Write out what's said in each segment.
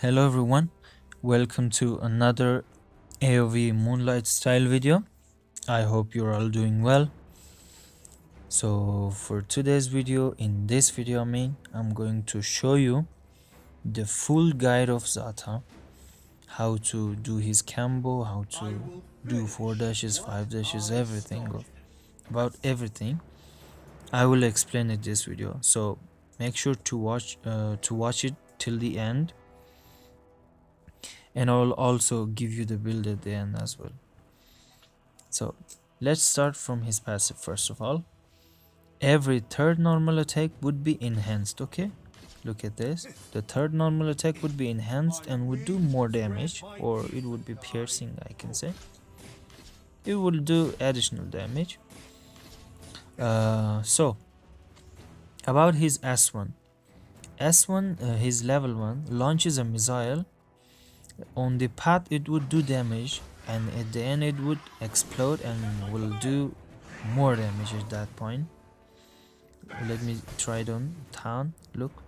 Hello everyone, welcome to another AOV Moonlight style video. I hope you're all doing well. So for today's video, in this video I mean, I'm going to show you the full guide of Zata, how to do his combo, how to do 4 dashes, 5 dashes, everything, about everything. I will explain it this video, so make sure to watch uh, to watch it till the end and I'll also give you the build at the end as well so let's start from his passive first of all every third normal attack would be enhanced okay look at this the third normal attack would be enhanced and would do more damage or it would be piercing I can say it will do additional damage uh, so about his S1 S1 uh, his level 1 launches a missile on the path it would do damage and at the end it would explode and will do more damage at that point let me try it on town look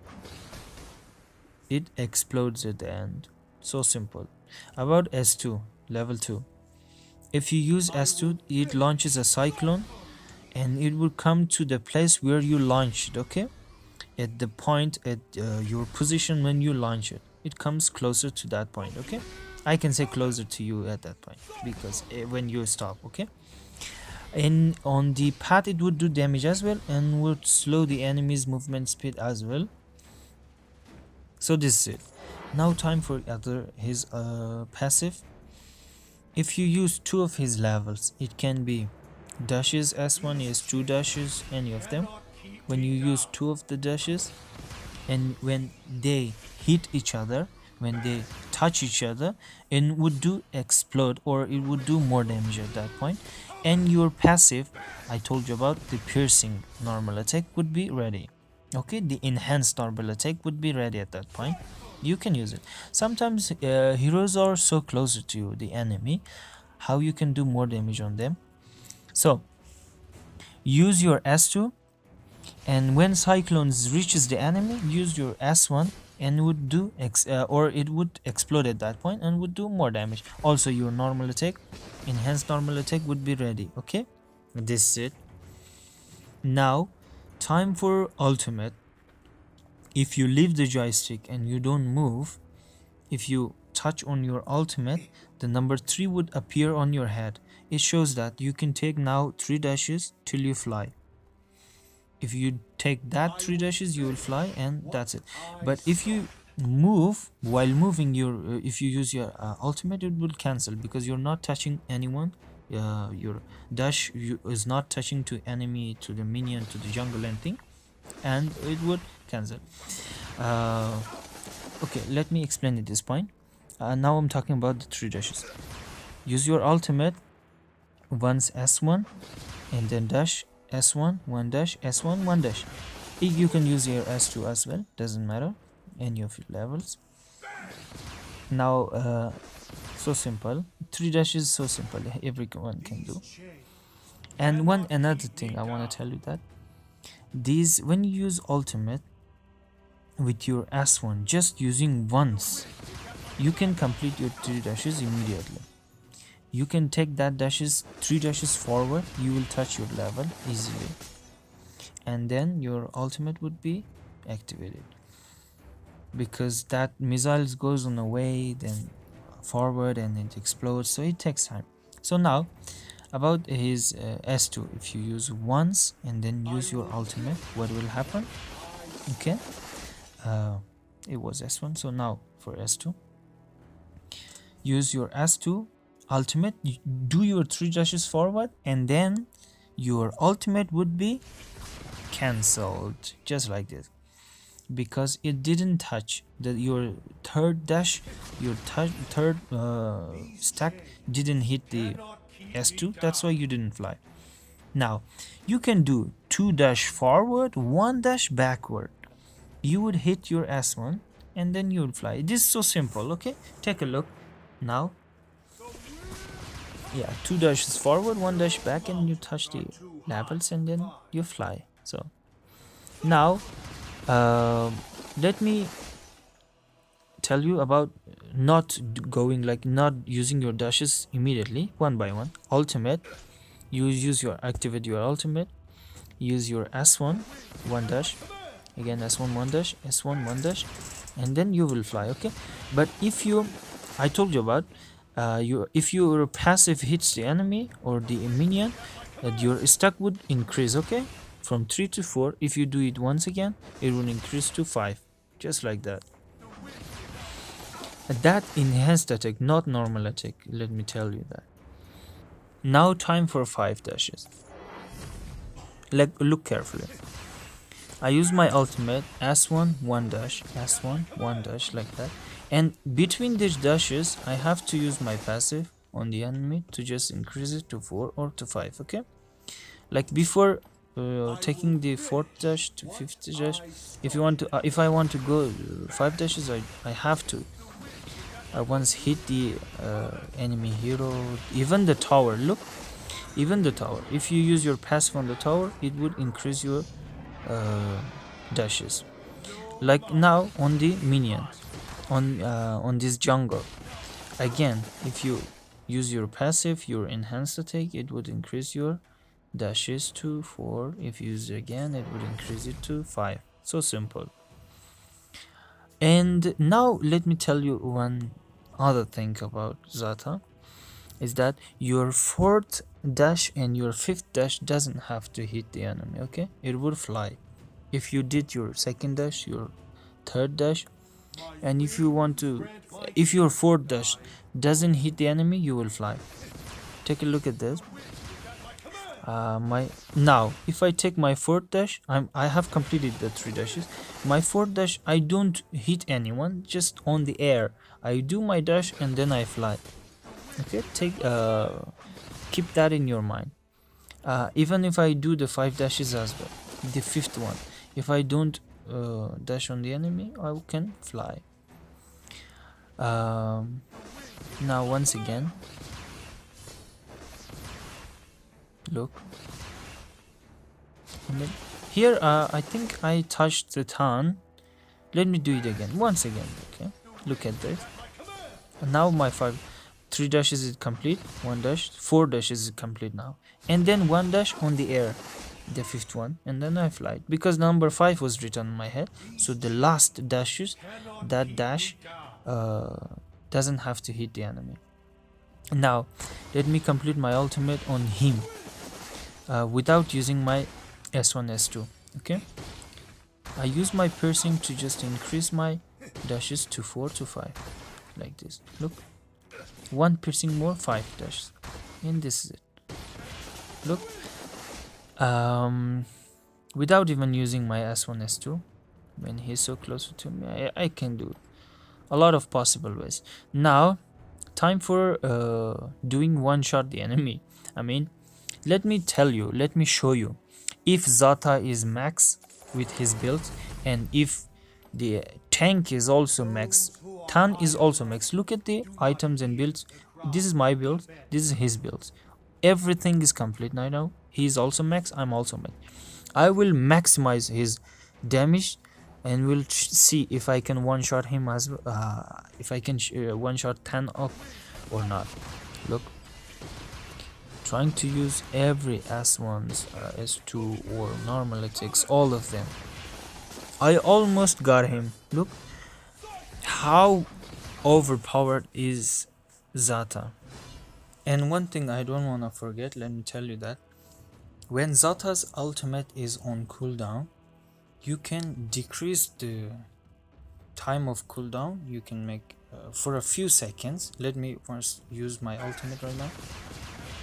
it explodes at the end so simple about s2 level 2 if you use s2 it launches a cyclone and it will come to the place where you launched okay at the point at uh, your position when you launch it it comes closer to that point okay i can say closer to you at that point because eh, when you stop okay and on the path it would do damage as well and would slow the enemy's movement speed as well so this is it now time for other his uh, passive if you use two of his levels it can be dashes s one is s2 dashes any of them when you use two of the dashes and when they hit each other when they touch each other and would do explode or it would do more damage at that point and your passive i told you about the piercing normal attack would be ready okay the enhanced normal attack would be ready at that point you can use it sometimes uh, heroes are so close to you, the enemy how you can do more damage on them so use your s2 and when cyclones reaches the enemy use your s1 and would do ex uh, or it would explode at that point and would do more damage also your normal attack enhanced normal attack would be ready okay this is it now time for ultimate if you leave the joystick and you don't move if you touch on your ultimate the number 3 would appear on your head it shows that you can take now 3 dashes till you fly if you take that three dashes you will fly and that's it but if you move while moving your uh, if you use your uh, ultimate it will cancel because you're not touching anyone uh, your dash you, is not touching to enemy to the minion to the jungle and thing and it would cancel uh, okay let me explain at this point uh, now i'm talking about the three dashes use your ultimate once s1 and then dash s1 1 dash s1 1 dash you can use your s2 as well doesn't matter any of your levels now uh, so simple three dash is so simple everyone can do and one another thing i want to tell you that these when you use ultimate with your s1 just using once you can complete your three dashes immediately you can take that dashes three dashes forward you will touch your level easily and then your ultimate would be activated because that missile goes on a way then forward and it explodes so it takes time so now about his uh, S2 if you use once and then use your ultimate what will happen okay uh, it was S1 so now for S2 use your S2 ultimate do your three dashes forward and then your ultimate would be cancelled just like this because it didn't touch that your third dash your third uh, stack didn't hit the s2 that's why you didn't fly now you can do two dash forward one dash backward you would hit your s1 and then you would fly it is so simple okay take a look now yeah, two dashes forward, one dash back, and you touch the levels, and then you fly. So now, um, let me tell you about not going like not using your dashes immediately, one by one. Ultimate, you use your activate your ultimate, use your S1, one dash, again S1 one dash, S1 one dash, and then you will fly. Okay, but if you, I told you about uh, you, if your passive hits the enemy or the minion, uh, your stack would increase, okay? From 3 to 4, if you do it once again, it will increase to 5, just like that. That enhanced attack, not normal attack, let me tell you that. Now time for 5 dashes. Like, look carefully. I use my ultimate, S1, 1 dash, S1, 1 dash, like that. And between these dashes, I have to use my passive on the enemy to just increase it to 4 or to 5, okay? Like before uh, taking the 4th dash to 5th dash, if you want to, uh, if I want to go uh, 5 dashes, I, I have to. I once hit the uh, enemy hero, even the tower, look, even the tower. If you use your passive on the tower, it would increase your uh, dashes. Like now on the minions on uh, on this jungle again if you use your passive your enhanced attack it would increase your dashes to 4 if you use it again it would increase it to 5 so simple and now let me tell you one other thing about Zata is that your fourth dash and your fifth dash doesn't have to hit the enemy okay it would fly if you did your second dash your third dash and if you want to if your forward dash doesn't hit the enemy you will fly take a look at this uh, my now if I take my fourth dash I'm I have completed the three dashes my fourth dash I don't hit anyone just on the air I do my dash and then I fly okay take uh, keep that in your mind uh, even if I do the five dashes as well the fifth one if I don't uh, dash on the enemy I can fly um, now once again look here uh, I think I touched the town let me do it again once again okay look at this now my five three dashes is complete one dash four dashes is complete now and then one dash on the air the fifth one and then I flight because number five was written on my head so the last dashes that dash uh, doesn't have to hit the enemy now let me complete my ultimate on him uh, without using my S1 S2 okay I use my piercing to just increase my dashes to 4 to 5 like this look one piercing more 5 dashes and this is it look um, without even using my S1, S2. When he's so close to me, I, I can do A lot of possible ways. Now, time for uh, doing one-shot the enemy. I mean, let me tell you, let me show you. If Zata is max with his build and if the tank is also max, Tan is also max. Look at the items and builds. This is my build, this is his build. Everything is complete now he is also max i'm also max i will maximize his damage and we'll see if i can one shot him as uh, if i can uh, one shot ten up or not look trying to use every s1s uh, s2 or normal attacks all of them i almost got him look how overpowered is zata and one thing i don't want to forget let me tell you that when Zata's ultimate is on cooldown, you can decrease the time of cooldown. You can make uh, for a few seconds. Let me first use my ultimate right now.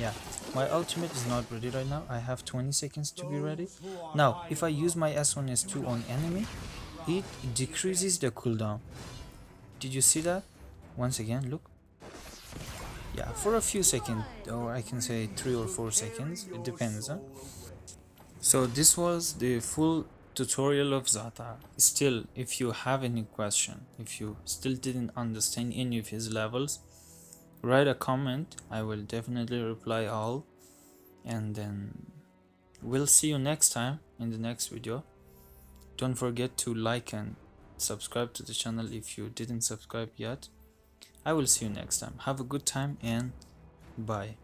Yeah, my ultimate is not ready right now. I have 20 seconds to be ready. Now, if I use my S1 S2 on enemy, it decreases the cooldown. Did you see that? Once again, look yeah for a few seconds or I can say three or four seconds it depends huh? so this was the full tutorial of Zata still if you have any question if you still didn't understand any of his levels write a comment I will definitely reply all and then we'll see you next time in the next video don't forget to like and subscribe to the channel if you didn't subscribe yet I will see you next time. Have a good time and bye.